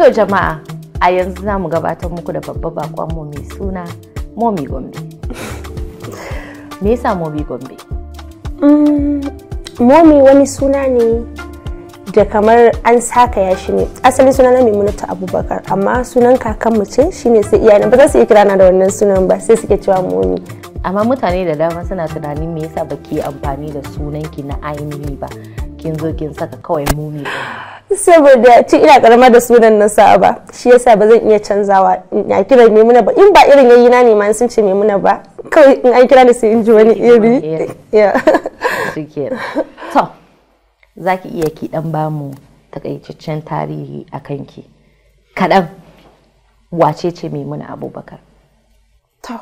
To jama'a a yanzu za mu gabatar muku da babba bakon mu mai suna Momi Gombe. Me yasa Momi Gombe? Mm, Momi wani suna ne da kamar an saka ya shi ne asalin suna na Maimunatu Abubakar amma sunan kakanmu ce shine sai iyana ba za su iya kirana da wannan sunan ba sai suke cewa Momi amma mutane da dama suna tunanin me yasa baki amfani da sunanki na ainihi ba kin zo kin saka kawai Momi saboda tun ina karama da sunan na ba shi yasa ba zan iya canzawa ya kira maimuna ba in ba irin yayi na ne ma sun ce maimuna ba kawai in an kira ni sai in ji wani iri to za ki iya ki dan ba mu takaitaccen tarihi a kanki kaɗan wace ce maimuna abubakar to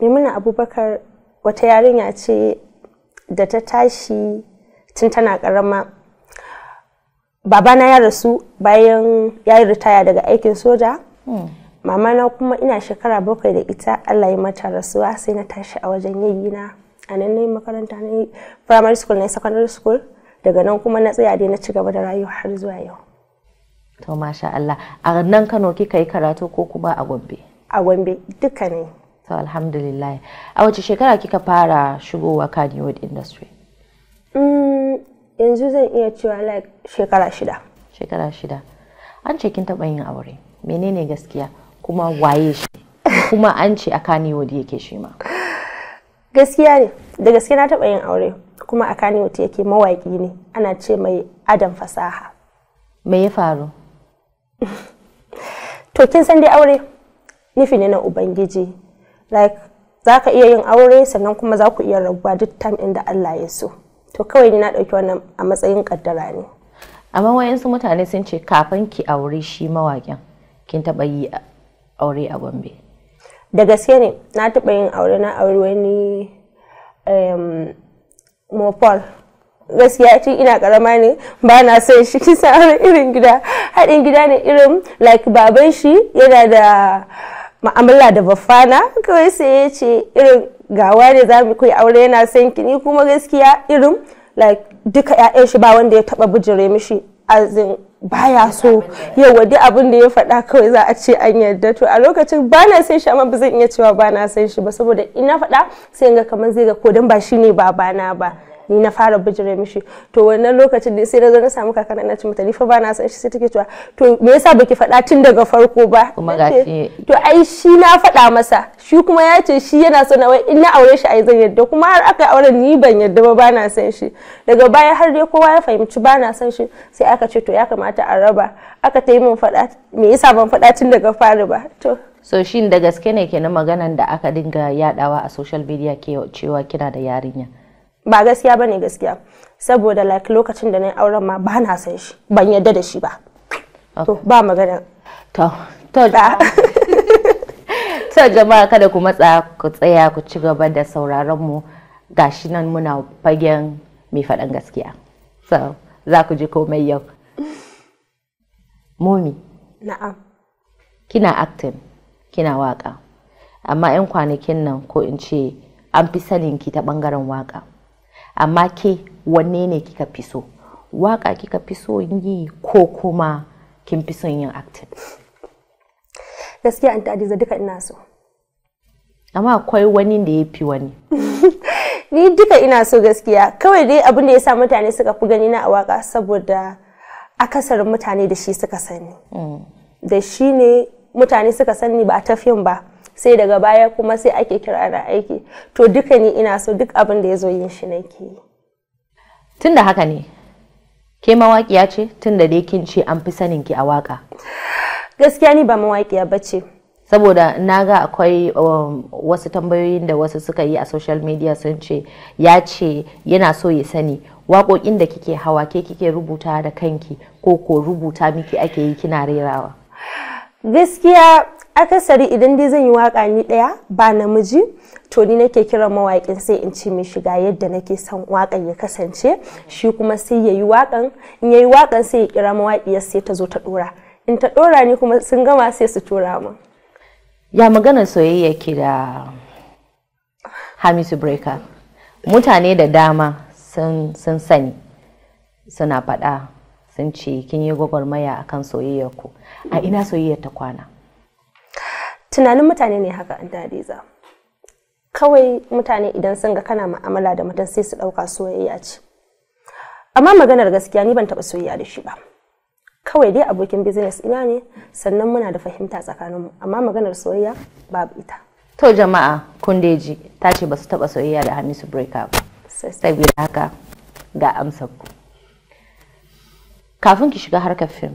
maimuna abubakar wata yarinya ce da ta tashi tun tana karama babana ya rasu bayan ya yi ritaya daga aikin soja hmm. mamana kuma ina shekara bakwai da ita allah ya mata rasuwa sai na tashi a wajen yayi na a nan na makaranta na primary school na secondary school daga nan kuma na tsaya dai na ci gaba da rayuwa har zuwa yau to masha allah a nan kano kika yi karatu ko kuma a gombe a gombe duka ne to alhamdulillah a wace shekara kika fara shigowa kaniwood industry Mm, yanzu zan iya cewa like shekara shida shekara shida an ce kin taɓa yin aure menene gaskiya kuma waye shi kuma an ce a kaniwood yake shi ma gaskiya ne da gaske na taɓa yin aure kuma a kaniwood yake mawaƙi ne ana ce mai adam fasaha me ya faru to kin san dai aure nufi ne na ubangiji like za ka iya yin aure sannan kuma za ku iya rabuwa duk time inda allah ya so to kawai ni na ɗauki wannan a matsayin ƙaddara ne amma wayansu mutane sun ce kafin ki aure shi mawaƙin kin taɓa yi aure a gombe da gaske ne na taɓa yin aure na aure wani um, mopol gaskiya tun ina karama ne ba na son shi kisa irin gida haɗin gida ne irin like baban shi yana da ma'amala da bafana kawai sai ya ce irin gawa ne za mu kai aure yana son ki ni kuma gaskiya irin like duka ƴaƴan shi ba wanda ya taba bijire mishi azin baya so yawa duk abin da ya faɗa kawai za a ce an yarda to a lokacin ba na san shi amma ba zan iya cewa ba na san shi ba saboda ina faɗa sai in ga kamar zai ga ko dan ba shine babana ba ni na fara bijire mishi to wannan lokacin da sai na zo na samu kakana na ci mata ni fa ba na san shi sai take cewa to me yasa baki faɗa tun daga farko ba to ai shi na faɗa masa shi kuma ya ce shi yana so na wai in na aure shi ai zan yadda kuma har aka aure ni ban yadda ba ba na san shi daga baya har dai kowa ya fahimci ba na san shi sai aka ce to ya kamata a raba aka ta yi min faɗa me yasa ban faɗa tun daga fari ba to so shin da gaske ne kenan maganan da aka dinga yadawa a social media cewa kina da yarinya ba gaskiya bane gaskiya saboda like lokacin da na yi auren ma ba na san shi ban yadda da shi ba to ba magana to to to jama'a kada ku matsa ku tsaya ku ci gaba da sauraron mu gashi nan muna fagen mai faɗan gaskiya so za ku ji komai yau momi na'am kina acting kina waka amma 'yan kwanakin nan ko in ce an fi sanin ki ta bangaren waka amma ke wanne ne kika fi so waka kika fi so yi ko kuma kin fi son yin acting gaskiya an ta'adiza duka ina so amma akwai wani da ya fi wani ni duka ina so gaskiya kawai dai abin da ya sa mutane suka fi gani na a waka saboda akasarin mutane da shi suka sani mm. da shi ne mutane suka sani ba a tafiyan ba sai daga baya kuma sai ake kira na aiki to duka ni ina so duk abin da ya zo yin shi nake yi tun da haka ne ke mawaƙiya ce tun da dai kin ce an fi sanin ki a waƙa? gaskiya ni ba mawaƙiya ba ce saboda na ga akwai um, wasu tambayoyin da wasu suka yi a social media sun ce ya ce yana so ya sani waƙoƙin da kike hawa ke kike rubuta da kanki ko ko rubuta miki ake yi kina rerawa gaskiya akasari idan dai zan yi waka ni daya ba namiji to ni nake kiran mawaƙin sai in ci mai shiga yadda nake san wakan ya kasance shi kuma sai yayi wakan in yayi wakan sai ya kira mawaƙiyar sai ta zo ta dora in ta dora ni kuma sun gama sai su tura mu ya magana soyayya ke da hamisu breaker mutane da dama sun sani suna faɗa sun ce kin yi gwagwarmaya akan soyayya ku a ina soyayya ta kwana tunanin mutane ne haka an za kawai mutane idan sun ga kana ma'amala da mutum sai su ɗauka soyayya ce amma maganar gaskiya ni ban taɓa soyayya da shi ba kawai dai abokin business ina ne sannan muna da fahimta tsakaninmu amma maganar soyayya babu ita to jama'a kundeji ta ce ba su taɓa soyayya da hamisu breaker ba saboda haka ga amsar ku kafin ki shiga harkar fim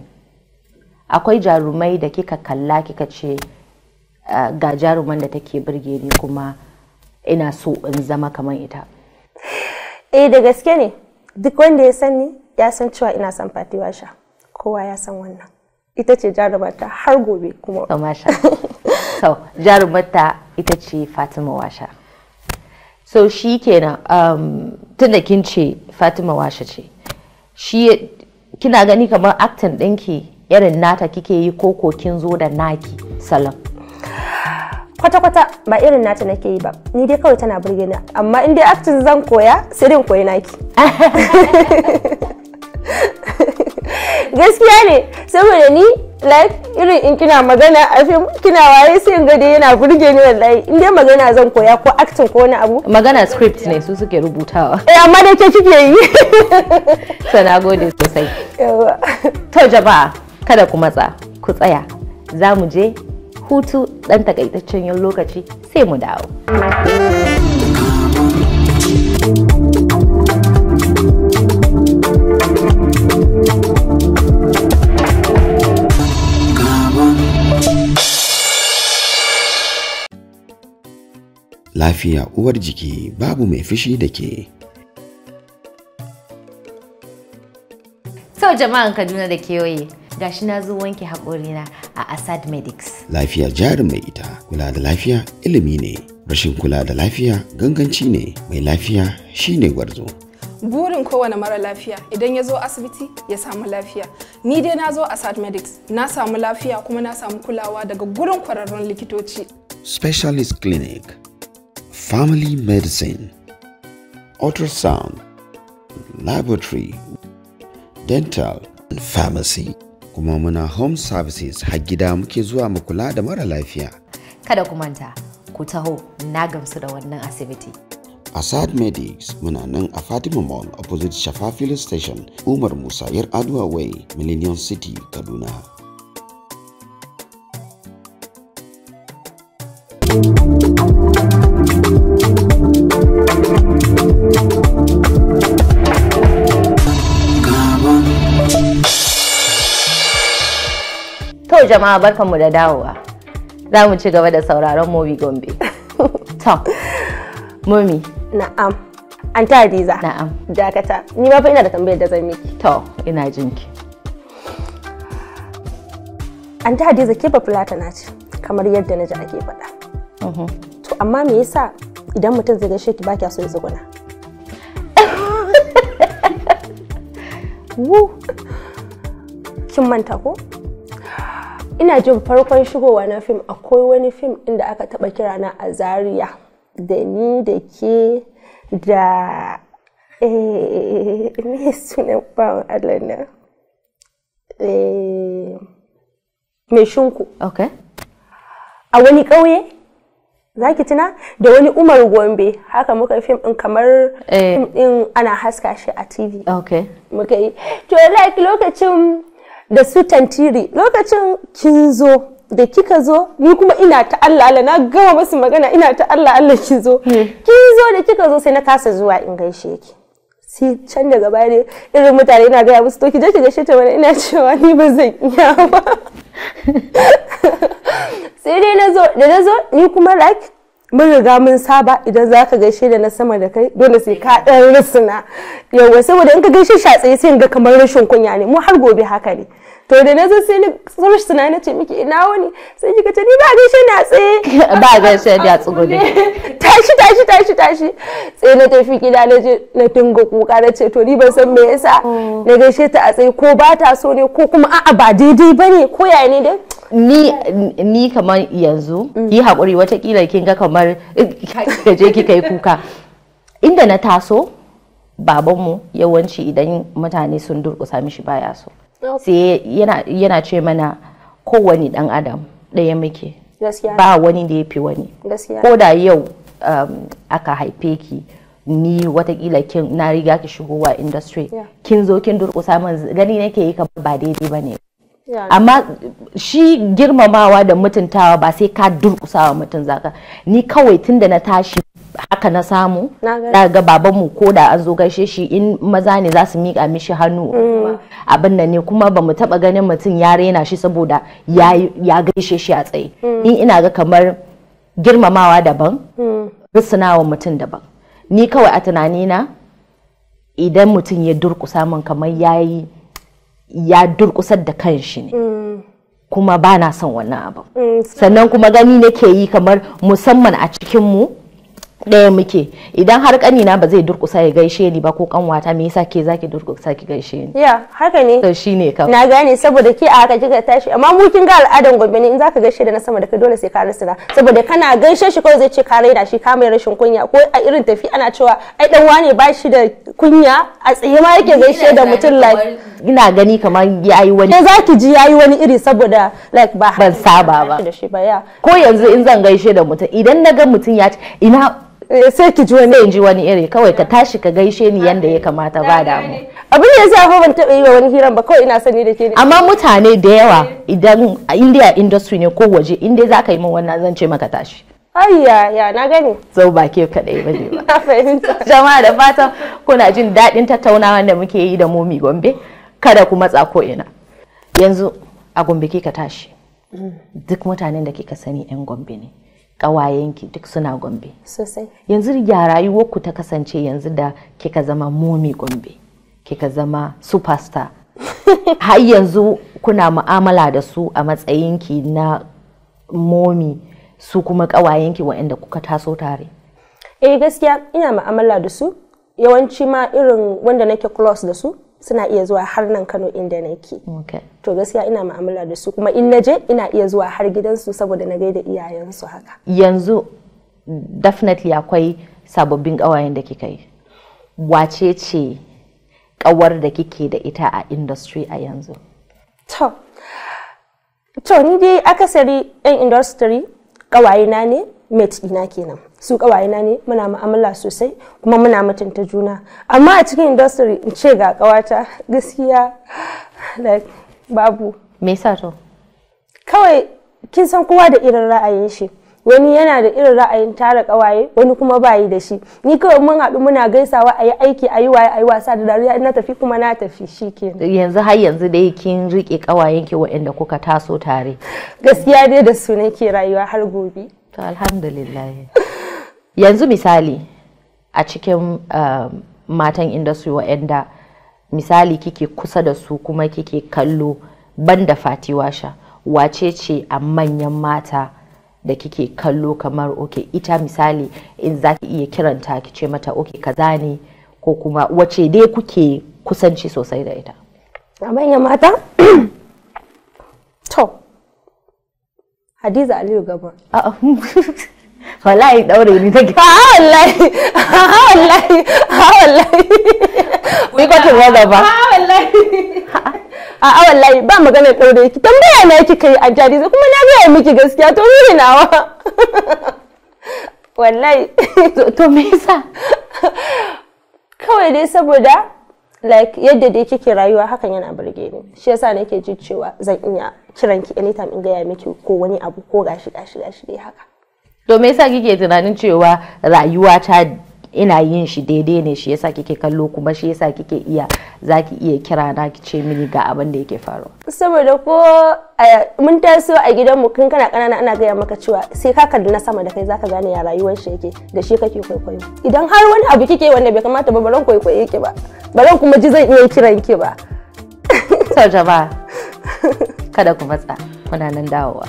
akwai jarumai da kika kalla kika ce ga jaruman da take birge ni kuma ina so in zama kamar ita eh da gaske ne duk wanda ya sani ya san cewa ina son fati sha kowa ya san wannan ita ce jarumata har gobe kuma masha so jarumata ita ce fatima washa so shi kenan um, tunda kin ce fatima washa ce shi kina gani kamar actin ɗinki irin nata kike yi koko kin zo da naki salam kwata-kwata ba irin nata nake yi ba ni dai kawai tana burge ni amma in dai acting zan koya sai dai koyi naki gaskiya ne saboda ni like irin in kina magana a fim kina waye sai in ga dai yana burge ni wallahi in dai magana zan koya ko acting ko wani abu magana script ne su suke rubutawa eh amma dai ke kike yi sana gode sosai to jama'a kada ku matsa ku tsaya za mu je hutu ɗan takaitaccen yin lokaci sai mu dawo. Lafiya uwar jiki babu mai fushi da ke. Sau jama'an Kaduna da kewaye. gashi na zo wanke haƙorina a assad Medics. Lafiya jarin mai ita, kula da lafiya ilimi ne, rashin kula da lafiya ganganci ne, mai lafiya shine gwarzo. Burin kowane mara lafiya idan ya zo asibiti ya samu lafiya. Ni dai na zo Asad Medics, na samu lafiya kuma na samu kulawa daga gurin kwararrun likitoci. Specialist Clinic, Family Medicine, Ultrasound, Laboratory, Dental, and Pharmacy. kuma muna home services har gida muke zuwa mu kula da mara lafiya. Kada ku manta, ku taho na gamsu da wannan asibiti. Asad Medics muna nan a Fatima Mall opposite Shafa Station, Umar Musa Yar Adwa Way, Millennium City, Kaduna. jama'a barkanmu da dawowa. Za mu ci gaba da sauraron Mobi Gombe. To, Momi. Na'am. An ta Hadiza. Na'am. Dakata. Ni ma fa ina da tambayar da zan miki. To, ina jinki. An ta Hadiza ke ba na ce, kamar yadda na ji ake faɗa. Mhm. To, amma me yasa idan mutum zai gaishe ki ba kya so ya zuguna Kin manta ko? ina jin farkon shigowa na fim akwai wani fim inda aka taba kira na azariya da ni da ke da eh, me sunan bawan alana eh, mai shinku a wani ƙauye za ki tuna da wani umar gombe haka muka fim din kamar eh. fim din ana haska shi a tv muka yi to like lokacin da su tantiri lokacin kin zo da kika zo ni kuma ina ta Allah Allah na gama masu magana ina ta Allah Allah kin zo hmm. kin zo da kika zo sai na kasa zuwa in gaishe ki sai can daga baya ne irin mutane ina gaya musu to ki je ki gaishe ta wani ina cewa ni ba zan iya ba sai dai na zo da na zo ni kuma like mun riga mun saba idan za ka gaishe da na sama da kai dole sai ka ɗan risina yawa saboda in ka gaishe shi a tsaye sai ga kamar rashin kunya ne mu har gobe haka ne to da na zo sai ni shi na ce miki ina wani sai ki ce ni ba gaishe na tsaye ba gaishe da tsugune tashi tashi tashi tashi sai na tafi gida na je na dinga kuka na ce to ni ban san me yasa oh. na gaishe ta a tsaye ko ba ta so ne ko kuma a'a ba daidai bane ko yaya ne dai ni ni kamar yanzu yi mm. hakuri watakila kin ga kamar ka je kika yi kuka inda na taso babanmu yawanci idan mutane sun durƙusa mishi baya so sai yana ce mana kowane dan adam ɗaya muke ba wani da ya fi wani ko da yau um, aka haife ki ni watakila kin na riga ki shigowa industry kin zo kin durƙusa min gani nake yi kamar ba daidai bane amma shi girmamawa da mutuntawa ba sai ka durkusawa mutum zaka ni kawai tun da na tashi haka na samu ga babanmu ko da an zo gaishe shi in maza ne za su miƙa mishi hannu mm. abin da ne kuma ba mu taɓa ganin mutum ya rena shi saboda ya gaishe shi a tsaye mm. in ina ga kamar girmamawa daban mm. rusunawa mutum daban ni kawai a tunanina idan mutum ya durkusa min kamar yayi. yi ya durkusar da kanshi ne mm. kuma ba na son wannan abu mm, sannan kuma gani nake yi kamar musamman a cikinmu daya muke idan har kanina ba zai durkusa ya gaishe ni ba ko kanwata me yasa ke zaki durkusa ki gaishe ni ya haka ne to shine ka na gane saboda ke a haka kika tashi amma mu kin ga al'adan gobe ne in zaka gaishe da na sama da kai dole sai ka rusuna saboda kana gaishe shi kawai zai ce ka raina shi ka mai rashin kunya ko a irin tafi ana cewa ai dan wane ba shi da kunya a tsaye ma yake gaishe da mutum like ina gani kamar yayi wani ke zaki ji yayi wani iri saboda like ba ban saba ba ko yanzu in zan gaishe da mutum idan na ga mutum ya ina Eh, sai ki ji wani ji wani iri kawai ka tashi ka gaishe ni yanda ya kamata ba damu abin da yasa ba ban taba yi wa wani hiran ba kawai ina sani da ke amma mutane da yawa idan India industry ne ko waje inda za ka yi min wannan zan ce maka tashi Ayya ya na gani. Zau ba ke kaɗai ba ne Jama'a da fatan kuna jin daɗin tattaunawa da muke yi da momi Gombe kada ku matsa ko ina. Yanzu a Gombe ke ka tashi. Mm. Duk mutanen da kika sani 'yan Gombe ne. ƙawayenki duk suna gombe sosai yanzu ya rayuwarku ta kasance yanzu da kika zama momi gombe kika zama superstar har yanzu kuna mu'amala da su a matsayinki na momi su kuma ƙawayenki waɗanda kuka taso tare eh gaskiya ina mu'amala da su yawanci ma irin wanda nake close da su suna iya zuwa har nan Kano inda nake. To gaskiya ina ma'amala da su kuma in naje ina iya zuwa har gidansu saboda na gaida iyayensu haka. Yanzu definitely akwai sababbin ƙawayen da kika yi. Wace ce ƙawar da kike da ita a industry a yanzu? To, to ni dai akasari 'yan industry ƙawayena ne mate ɗina kenan. su na ne muna mu'amala sosai kuma muna mutunta juna amma a cikin industry in ce ga kawata gaskiya like babu me yasa to kawai kin san kowa da irin ra'ayin shi wani yana da irin ra'ayin tara kawaye wani kuma bayi da shi ni kawai mun haɗu muna gaisawa a yi aiki a yi waye a yi wasa da dariya na tafi kuma na tafi shi ke yanzu har yanzu dai kin riƙe kawayenki waɗanda kuka taso tare gaskiya dai da su nake rayuwa har gobe to alhamdulillah yanzu misali a cikin uh, matan industry wa'anda misali kike kusa da su kuma kike kallo banda sha, wace ce a manyan mata da kike kallo kamar oke ita misali in za ki iya kiranta ki ce mata oke kaza ne ko kuma wace dai kuke kusanci sosai da ita a manyan mata to hadiza aliyu gaba ah, ah. wallahi daure ni take ha ah, wallahi ha ah, wallahi ha ah, wallahi we got it ba ha wallahi a a wallahi ba magana daure ki tambaya na kika yi a jariza kuma na gaya miki gaskiya to ni nawa wallahi to me yasa kawai dai saboda like yadda dai kike rayuwa hakan yana burge ni shi yasa nake jin cewa zan iya kiranki anytime in gaya miki ko wani abu ko gashi gashi gashi dai haka to me yasa kike tunanin cewa rayuwa ta ina yin shi daidai ne shi yasa kike kallo kuma shi yasa kike iya zaki iya kira na ki ce mini ga abin da yake faru. saboda ko mun taso a gidan mu kun kana kanana ana gaya maka cewa sai ka kalli na sama da kai zaka gane ya rayuwar shi yake da shi kake kwaikwayo idan har wani abu kike wanda bai kamata ba baran kwaikwaye ki ba baran kuma ji zan iya kiran ki ba sau jama'a kada ku matsa kuna nan dawowa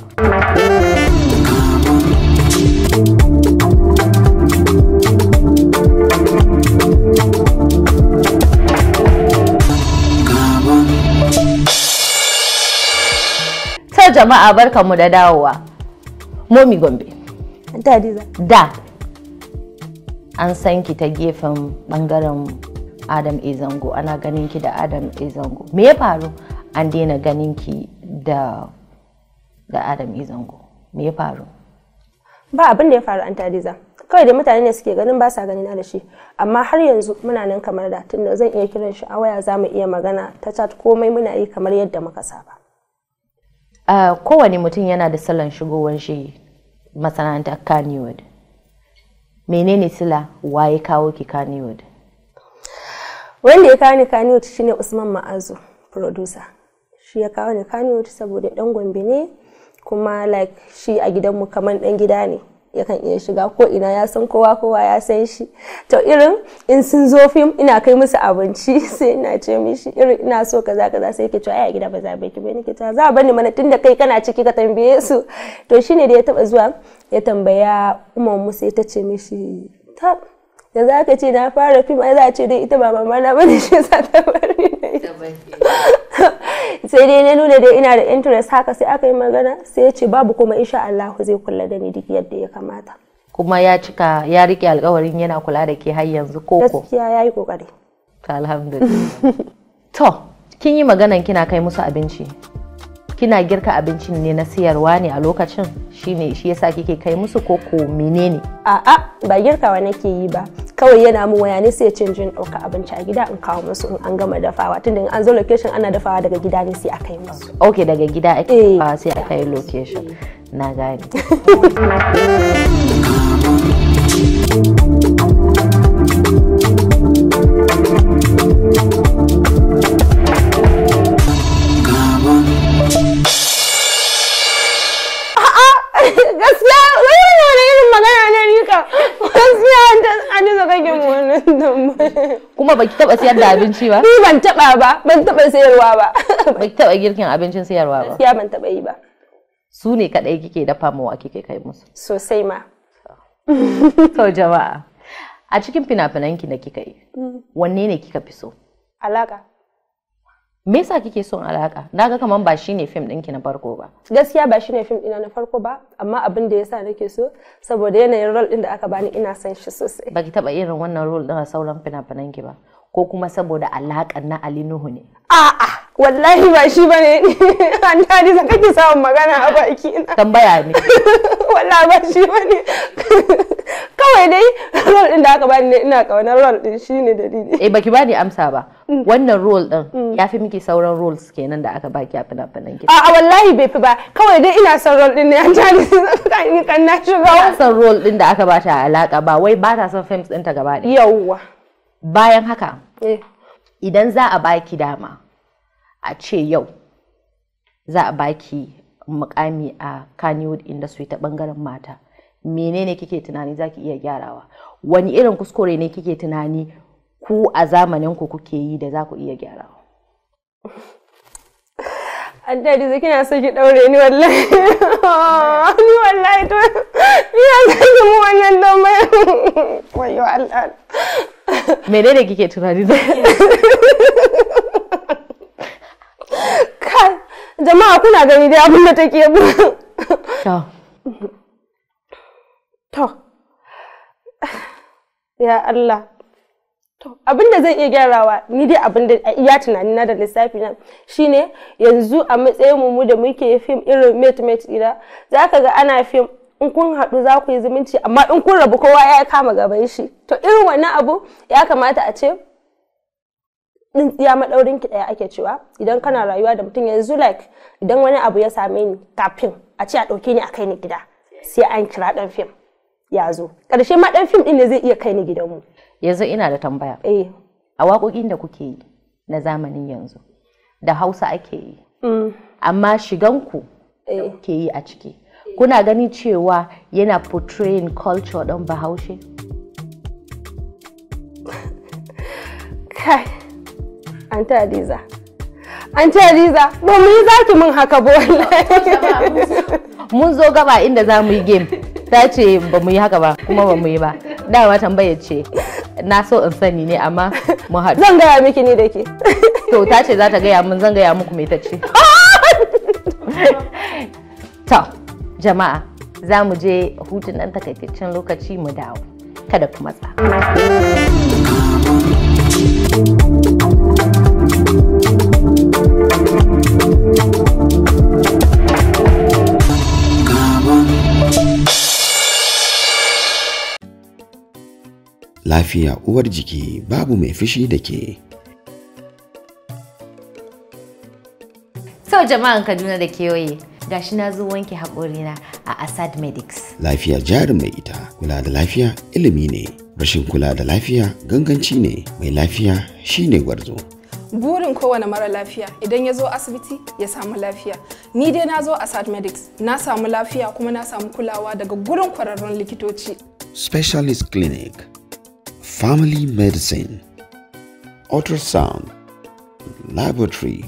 jama'a barkanmu da dawowa. Momi Gombe. Da. An san ki ta gefen bangaren Adam izango ana ganin ki da Adam izango Me ya faru an daina ganin ki da da Adam izango Me ya faru? Ba abin da ya faru an tadiza. Kawai da mutane ne suke ganin ba sa ganina da shi. Amma har yanzu muna nan kamar da tunda zan iya kiran shi a waya za mu iya magana ta chat komai muna yi kamar yadda muka saba. Uh, kowane mutum yana da salon shigowar shi masana'antar Kannywood. Menene sila ya kawo ki Kannywood? Wanda ya kawo ni shi shine Usman Ma'azu, producer. Shi ya kawo ni Kannywood saboda dan Gombe ne kuma like shi a gidanmu kamar dan gida ne. yakan iya shiga ko ina ya san kowa kowa ya san shi to irin in sun zo fim ina kai musu abinci sai ina ce mishi irin ina so kaza kaza sai ke cewa ai a gida ba za ba ki bani ta za bani mana tunda kai kana ciki ka tambaye su to shine da ya taba zuwa ya tambaya umar musa ta ce mishi ta da za ka ce na fara fim ai za ce dai ita ba mama na bane shi za ta bari sai dai na nuna da ina da interest haka sai aka yi magana sai ya ce babu kuma insha Allah zai kula da ni duk yadda ya kamata kuma ya cika ya rike alkawarin yana kula da ke har yanzu koko gaskiya yayi kokari alhamdulillah to kin yi maganan kina kai musu abinci kina girka abincin ne na siyarwa ne a lokacin shine shi yasa kike kai musu ko ko menene a'a ba girkawa nake yi ba kawai yana mu waya ne sai cin jin dauka abinci a gida in kawo musu in an gama dafawa tunda in an zo location ana dafawa daga gida ne sai a kai musu okay daga gida ake eh. dafawa sai a kai location na gane gaskiya wani wani irin magana ne rika gaskiya an ta ke kuma baki taba sayar da abinci ba ni ban taba ba ban taba sayarwa ba baki taba girkin abincin sayarwa ba gaskiya ban taba yi ba su ne kadai kike dafa mawa kike kai musu sosai ma to jama'a a cikin fina-finanki da kika yi wanne ne kika fi so alaka me yasa kike son alaka naga kaman ba shine fim ɗinki na farko ba gaskiya ba shine fim ɗina na farko ba amma abin da yasa nake so saboda yanayin role ɗin da aka bani ina son shi sosai baki taba irin wannan role din a sauran fina-finanki ba ko kuma saboda alakan na Ali Nuhu ne a'a wallahi ba shi bane an tari sa kake samun magana a baki na tambaya ne wallahi ba shi bane kawai dai role din da aka bani ne ina kaunar role din shine dalili eh baki bani amsa ba mm. wannan role din mm. ya fi miki sauran roles kenan da aka baki a fina-finan gida a wallahi bai fi ba kawai dai ina son role din ne an sa kan kan na shiga son role din da aka bata a alaka ba wai ba ta son films ta gaba ɗaya yawwa bayan haka eh. idan za a baki dama a ce yau za a baki mukami a Kannywood industry ta bangaren mata menene kike tunani za ki iya gyarawa wani irin kuskure ne kike tunani ku a zamanin ku kuke yi da za ku iya gyarawa an daji zai kina so ki daure ni wallahi ni wallahi to ni ya zai mu wannan don mai wayo al'ad menene kike tunani da kai jama'a kuna gani dai abin da take mu to to ya Allah to abinda zan iya gyarawa ni dai abinda iya tunani na da lissafi na shine yanzu a matsayin mu da muke fim irin mate mate ira zaka ga ana fim in kun haɗu za ku yi zumunci amma in kun rabu kowa ya kama gaban shi to irin wannan abu ya kamata a ce tsintsiya maɗaurin ki ɗaya ake cewa idan kana rayuwa da mutum yanzu like idan wani abu ya same ni kafin a ce a ɗauke ni a kai ni gida sai an kira ɗan fim ya zo ƙarshe ma ɗan fim ɗin ne zai iya kai ni gidan mu yanzu ina da tambaya eh a waƙoƙin da kuke yi na zamanin yanzu da hausa ake yi mm. amma shiganku eh. ke yi a ciki kuna gani cewa yana portraying culture don bahaushe kai Anta Adiza. Anta Adiza, ba mu yi zaki mun haka ba Mun zo gaba inda za mu yi game. Ta ce ba mu yi haka ba kuma ba mu yi ba. dawa tambaya ce na so in sani ne amma mu haɗu. Zan gaya miki ni da ke. To ta ce za ta gaya mun zan gaya muku mai ta ce. To jama'a za mu je hutun ɗan takaitaccen lokaci mu dawo. Kada ku matsa. lafiya uwar jiki babu mai fushi da ke. Sau jama'an Kaduna da kewaye shi na zo wanke haƙorina a Asad Medics. Lafiya jarin mai ita, kula da lafiya ilimi ne, rashin kula da lafiya ganganci ne, mai lafiya shine gwarzo. Burin kowane mara lafiya idan ya zo asibiti ya samu lafiya. Ni dai na zo Asad Medics, na samu lafiya kuma na samu kulawa daga gurin kwararrun likitoci. Specialist Clinic family medicine, ultrasound, laboratory,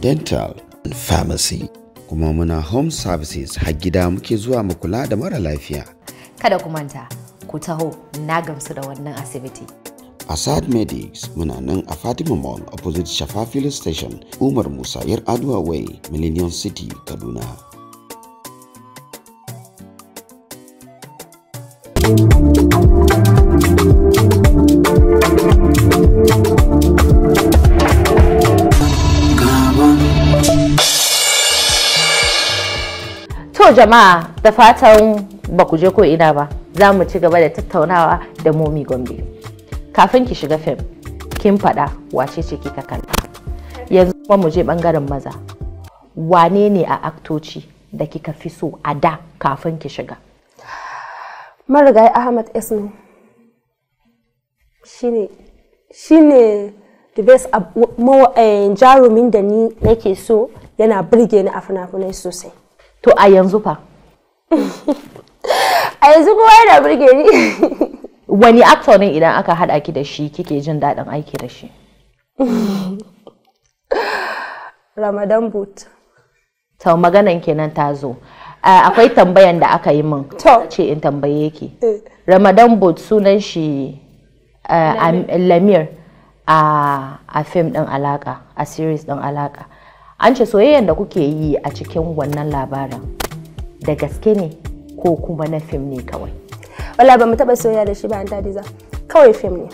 dental, and pharmacy. Kuma muna home services har gida muke zuwa mu kula da mara lafiya. Kada ku manta, ku taho na gamsu da wannan asibiti. Asad Medics muna nan a Fatima Mall opposite Shafa Station, Umar Musa Yar Adua Way, Millennium City, Kaduna. jama'a da fatan ba ku je ko ina ba za mu ci gaba da tattaunawa da momi gombe. Kafin ki shiga fim kin faɗa wace ce kika kalla. Yanzu kuma mu je ɓangaren maza. Wane ne a aktoci da kika fi so a da kafin ki shiga? marigai Ahmad Esnu shine shine the best eh, jarumin da ni nake so yana birge ni a fina-finai sosai. to a yanzu fa a yanzu kuma yana burge ni wani actor ne idan aka haɗa ki da shi kike jin daɗin aiki da shi ramadan boot to maganan kenan ta zo akwai tambayan da aka yi min To. ce in tambaye ki eh. ramadan boot sunan shi eh, lamir a fim din alaka a series din alaka an ce soyayyan da kuke yi a cikin wannan labarin da gaske ne ko kuma na fim ne kawai wala ba mu taba soyayya da shi ba an za kawai fim ne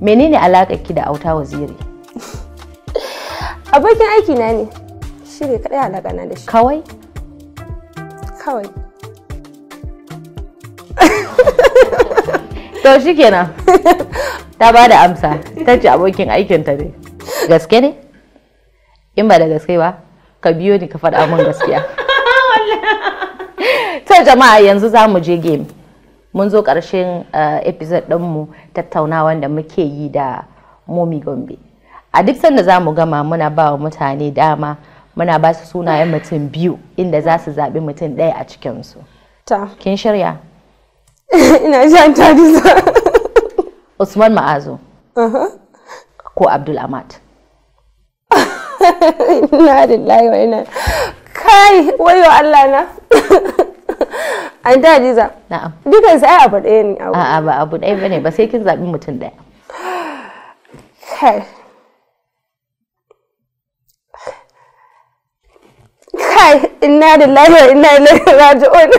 menene alaƙar ki da auta waziri abokin aiki na ne shi ne kaɗai alaƙa na da shi kawai kawai to shi kenan ta ba da amsa ta ce abokin aikinta ne gaske ne in ba da gaske ba ka biyo ni ka faɗa min gaskiya ta jama'a yanzu za mu je game mun zo ƙarshen eh, episode ɗinmu tattauna da muke yi da momi gombe a duk sanda za mu gama muna ba wa mutane dama muna ba su sunayen mutum biyu inda za su zaɓi mutum ɗaya a cikinsu. Ta. Kin shirya? Ina shan tadisa. Usman Ma'azu. Uh-huh. Ko Abdul Ahmad. Ina da layi wa ina. Kai, wayo Allah na. An tadisa. Na'am. Dukan ai abu ɗaya ne. A'a ba abu ɗaya ne ba sai kin zaɓi mutum ɗaya. Kai. inna lillahi wa inna ilaihi raji'un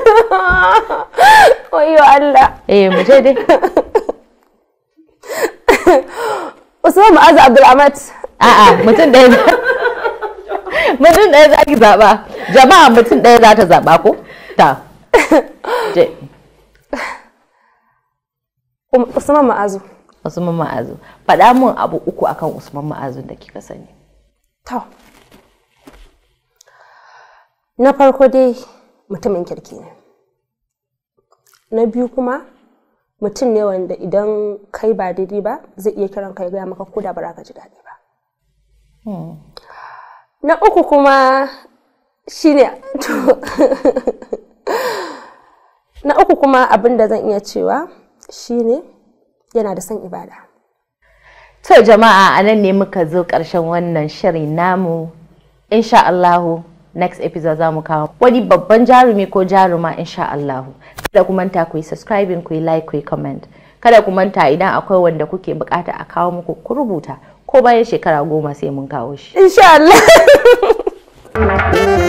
oyo Allah eh mu je dai Usman Mu'az Abdulhamad a'a mutum ɗaya mutum ɗaya za ki zaɓa jama'a mutum ɗaya za ta zaɓa ko ta je um, Usman Ma'azu Usman Ma'azu faɗa mun abu uku akan Usman Ma'azu da kika sani to na farko dai mutumin kirki ne na biyu kuma mutum ne wanda idan kai ba daidai ba zai iya kiran kai gaya maka kuda ba ka ji daɗi ba hmm. na uku kuma shine na uku kuma abin da zan iya cewa shine yana da son ibada to jama'a anan ne muka zo ƙarshen wannan shiri namu insha Allahu next episode za mu kawo wani babban jarumi ko jaruma insha allah kada ku manta ku yi subscribing ku like ku comment kada ku manta idan akwai wanda kuke bukata a kawo muku ku rubuta ko bayan shekara goma sai mun kawo shi insha Allah